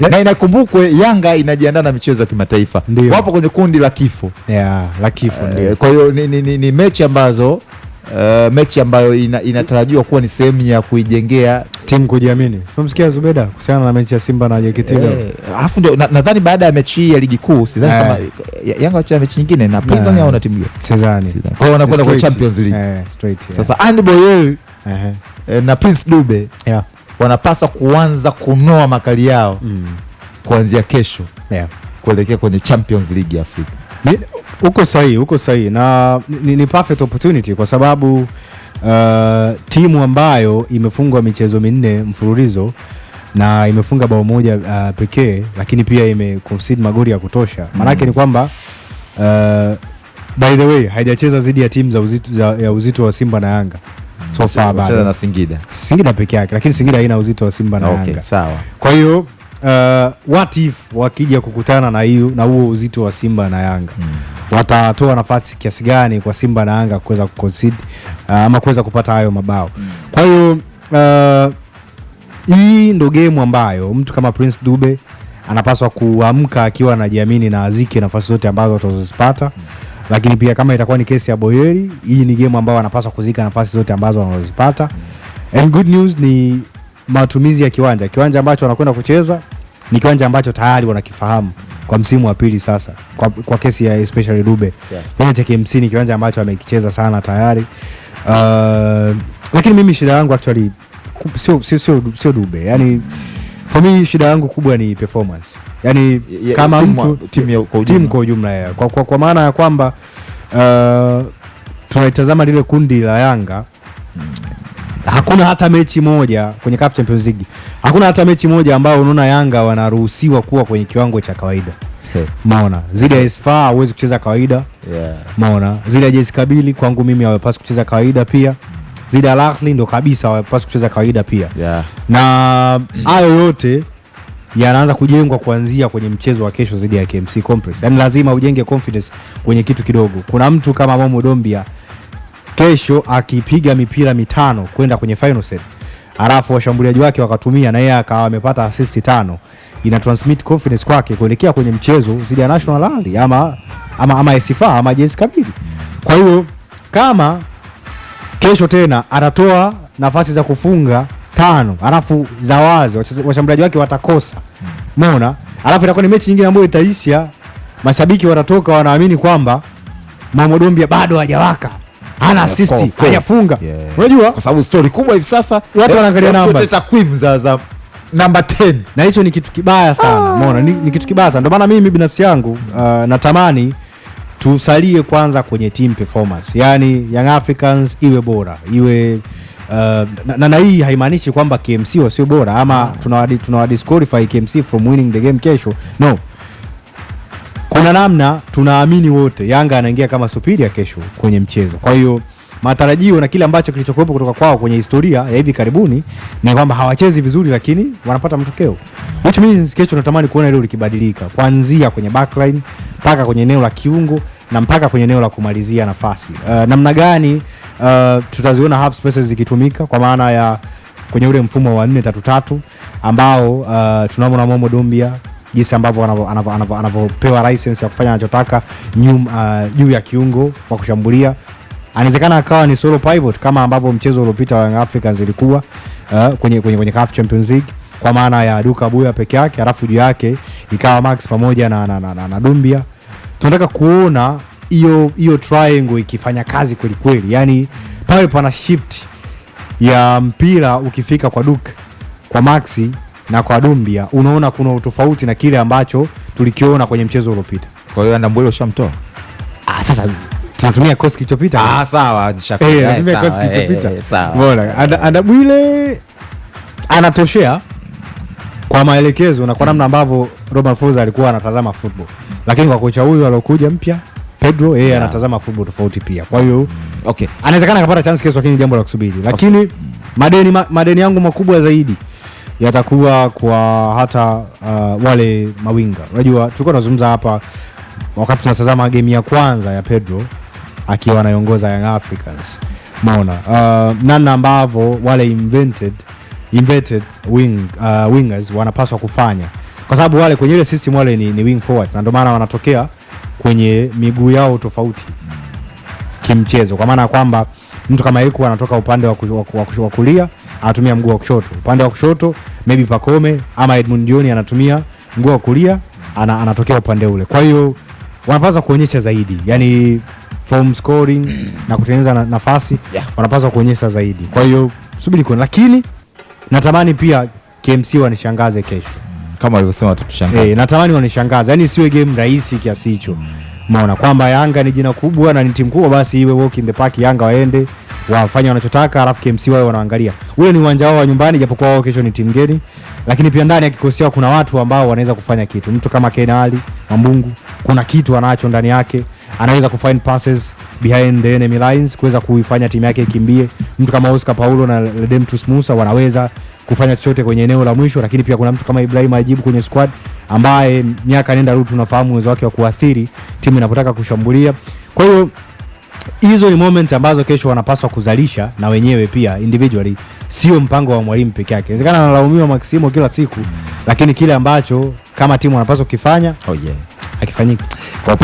yeah. Na inakumbukwe Yanga inajiandaa na michezo ya kimataifa, wapo kwenye kundi la kifo yeah, la kifo uh, kwa hiyo ni, ni, ni, ni mechi ambazo Uh, mechi ambayo ina, inatarajiwa kuwa ni sehemu ya kuijengea timu kujiamini. Simemsikia Zubeda kuhusiana na mechi ya Simba na JKT leo. Eh, alafu ndio nadhani na baada ya mechi hii ya ligi kuu sidhani kama Yanga wacha mechi nyingine na Prison au na timu gani? Sidhani. Kwa hiyo wanakwenda kwa Champions League. straight. Sasa Andy Boyel na Prince Dube. Yeah wanapaswa kuanza kunoa makali yao mm. kuanzia kesho yeah. kuelekea kwenye Champions League ya Afrika. Huko sahihi, huko sahihi na ni, ni perfect opportunity kwa sababu uh, timu ambayo imefungwa michezo minne mfululizo na imefunga bao moja uh, pekee lakini pia concede magoli ya kutosha maanake mm. ni kwamba uh, by the way haijacheza dhidi ya timu za uzito, za, ya uzito wa Simba na Yanga so far bado na Singida, Singida peke yake, lakini Singida haina uzito wa Simba na okay, Yanga sawa. Kwa hiyo uh, what if wakija kukutana na hiyo na huo uzito wa Simba na Yanga hmm. watatoa nafasi kiasi gani kwa Simba na Yanga kuweza kuconcede uh, ama kuweza kupata hayo mabao hmm. kwa hiyo uh, hii ndo game ambayo mtu kama Prince Dube anapaswa kuamka akiwa anajiamini na aziki nafasi zote ambazo atazozipata hmm lakini pia kama itakuwa ni kesi ya Boyeri, hii ni game ambayo wanapaswa kuzika nafasi zote ambazo wanazozipata. And good news ni matumizi ya kiwanja, kiwanja ambacho wanakwenda kucheza ni kiwanja ambacho tayari wanakifahamu kwa msimu wa pili sasa, kwa, kwa kesi ya especially Dube yeah. cha KMC ni kiwanja ambacho amekicheza sana tayari uh, lakini mimi shida yangu actually sio Dube, yani for me shida yangu kubwa ni performance yani ya, kama mtu timu kwa ujumla kwa, kwa, kwa maana ya kwamba uh, tunaitazama lile kundi la Yanga hakuna hata mechi moja kwenye CAF Champions League, hakuna hata mechi moja ambayo unaona Yanga wanaruhusiwa kuwa kwenye kiwango cha kawaida hey. Maona zile SFA hawezi kucheza kawaida yeah. Maona zile JS Kabili kwangu mimi hawapaswi kucheza kawaida pia, zile Al ndo kabisa hawapaswi kucheza kawaida pia yeah. na hayo yote yanaanza kujengwa kuanzia kwenye mchezo wa kesho dhidi ya KMC Complex. Yaani lazima ujenge confidence kwenye kitu kidogo. Kuna mtu kama Momo Dombia kesho akipiga mipira mitano kwenda kwenye final set, alafu washambuliaji wake wakatumia na yeye akawa amepata assist tano, ina transmit confidence kwake kuelekea kwenye mchezo dhidi ya National Rally ama ama ama SFA ama JS Kabili. Kwa hiyo kama kesho tena atatoa nafasi za kufunga tano, alafu za wazi washambuliaji wake watakosa, umeona, alafu itakuwa ni mechi nyingine ambayo itaisha, mashabiki watatoka wanaamini kwamba Mamodombia bado hajawaka ana assist hajafunga, unajua, kwa sababu story kubwa hivi sasa watu eh, wanaangalia eh, namba, takwimu za za namba 10 na hicho ni kitu kibaya sana, ah. umeona, ni, ni kitu kibaya sana. Ndio maana mimi binafsi yangu uh, natamani tusalie kwanza kwenye team performance, yani Young Africans iwe bora iwe Uh, na, na hii haimaanishi kwamba KMC wasio bora ama tunawadisqualify KMC from winning the game kesho. No, kuna namna tunaamini wote Yanga anaingia kama superior kesho kwenye mchezo. Kwa hiyo matarajio na kile ambacho kilichokuwepo kutoka kwao kwenye historia ya hivi karibuni ni kwamba hawachezi vizuri, lakini wanapata matokeo, which means kesho natamani kuona hilo likibadilika, kuanzia kwenye backline mpaka kwenye eneo la kiungo na mpaka kwenye eneo la kumalizia nafasi. Uh, namna gani Uh, tutaziona half spaces zikitumika kwa maana ya kwenye ule mfumo wa 433 ambao uh, tunamwona Momo Dombia jinsi ambavyo anavyopewa license ya kufanya anachotaka uh, juu uh, ya kiungo kwa kushambulia anawezekana akawa ni solo pivot kama ambavyo mchezo uliopita wa Young Africans ilikuwa uh, kwenye, kwenye, kwenye CAF Champions League kwa maana ya Duka Buya peke yake, alafu juu yake ikawa Max pamoja na, na, na, na, na Dumbia. Tunataka kuona hiyo hiyo triangle ikifanya kazi kweli kweli, yani pale pana shift ya mpira ukifika kwa Duke, kwa Maxi na kwa Dumbia, unaona kuna utofauti na kile ambacho tulikiona kwenye mchezo uliopita. Kwa hiyo Andambwile ushamtoa. Ah, sasa tunatumia kosi kilichopita. Ah, sawa, tunatumia eh, eh, kosi eh, kilichopita. Bora Andambwile anatoshea kwa maelekezo na kwa namna ambavyo Roman Folz alikuwa anatazama football, lakini kwa kocha huyu aliokuja mpya Pedro yeye yeah. anatazama football tofauti pia, kwa hiyo okay, anawezekana akapata chance kesho, lakini jambo la kusubiri, lakini awesome. madeni ma, madeni yangu makubwa zaidi yatakuwa kwa hata uh, wale mawinga. Unajua tulikuwa tunazungumza hapa wakati tunatazama game ya kwanza ya Pedro akiwa anaiongoza Young Africans, umeona uh, namna ambavyo wale invented invented wing, uh, wingers wanapaswa kufanya, kwa sababu wale kwenye ile system wale ni, ni wing forward na ndio maana wanatokea kwenye miguu yao tofauti kimchezo, kwa maana ya kwamba mtu kama Eku anatoka upande wa kulia anatumia mguu wa kushoto, upande wa kushoto maybe Pakome ama Edmund Joni anatumia mguu wa kulia ana, anatokea upande ule. Kwa hiyo wanapaswa kuonyesha zaidi, yani form scoring na kutengeneza na, nafasi yeah. wanapaswa kuonyesha zaidi. Kwa hiyo subiri kuona, lakini natamani pia KMC wanishangaze kesho kama walivyosema watatushangaza. Eh, natamani wanishangaza, yaani siwe game rahisi kiasi hicho. Maona kwamba Yanga ni jina kubwa na ni timu kubwa, basi iwe walk in the park, Yanga waende wafanye wanachotaka, alafu KMC wao wanaangalia. Ule ni uwanja wao wa nyumbani, japokuwa wao kesho ni timu geni, lakini pia ndani ya kikosi chao kuna watu ambao wanaweza kufanya kitu. Mtu kama Kenali Mambungu, kuna kitu anacho ndani yake, anaweza kufind passes behind the enemy lines kuweza kuifanya timu yake ikimbie. Mtu kama Oscar Paulo na Redemptus Musa wanaweza kufanya chochote kwenye eneo la mwisho, lakini pia kuna mtu kama Ibrahim Ajibu kwenye squad ambaye miaka nenda rudi tunafahamu uwezo wake wa kuathiri timu inapotaka kushambulia. Kwa hiyo hizo ni moments ambazo kesho wanapaswa kuzalisha na wenyewe pia individually, sio mpango wa mwalimu peke yake. Inawezekana analaumiwa Maximo kila siku, lakini kile ambacho kama timu wanapaswa kukifanya oh yeah, kwa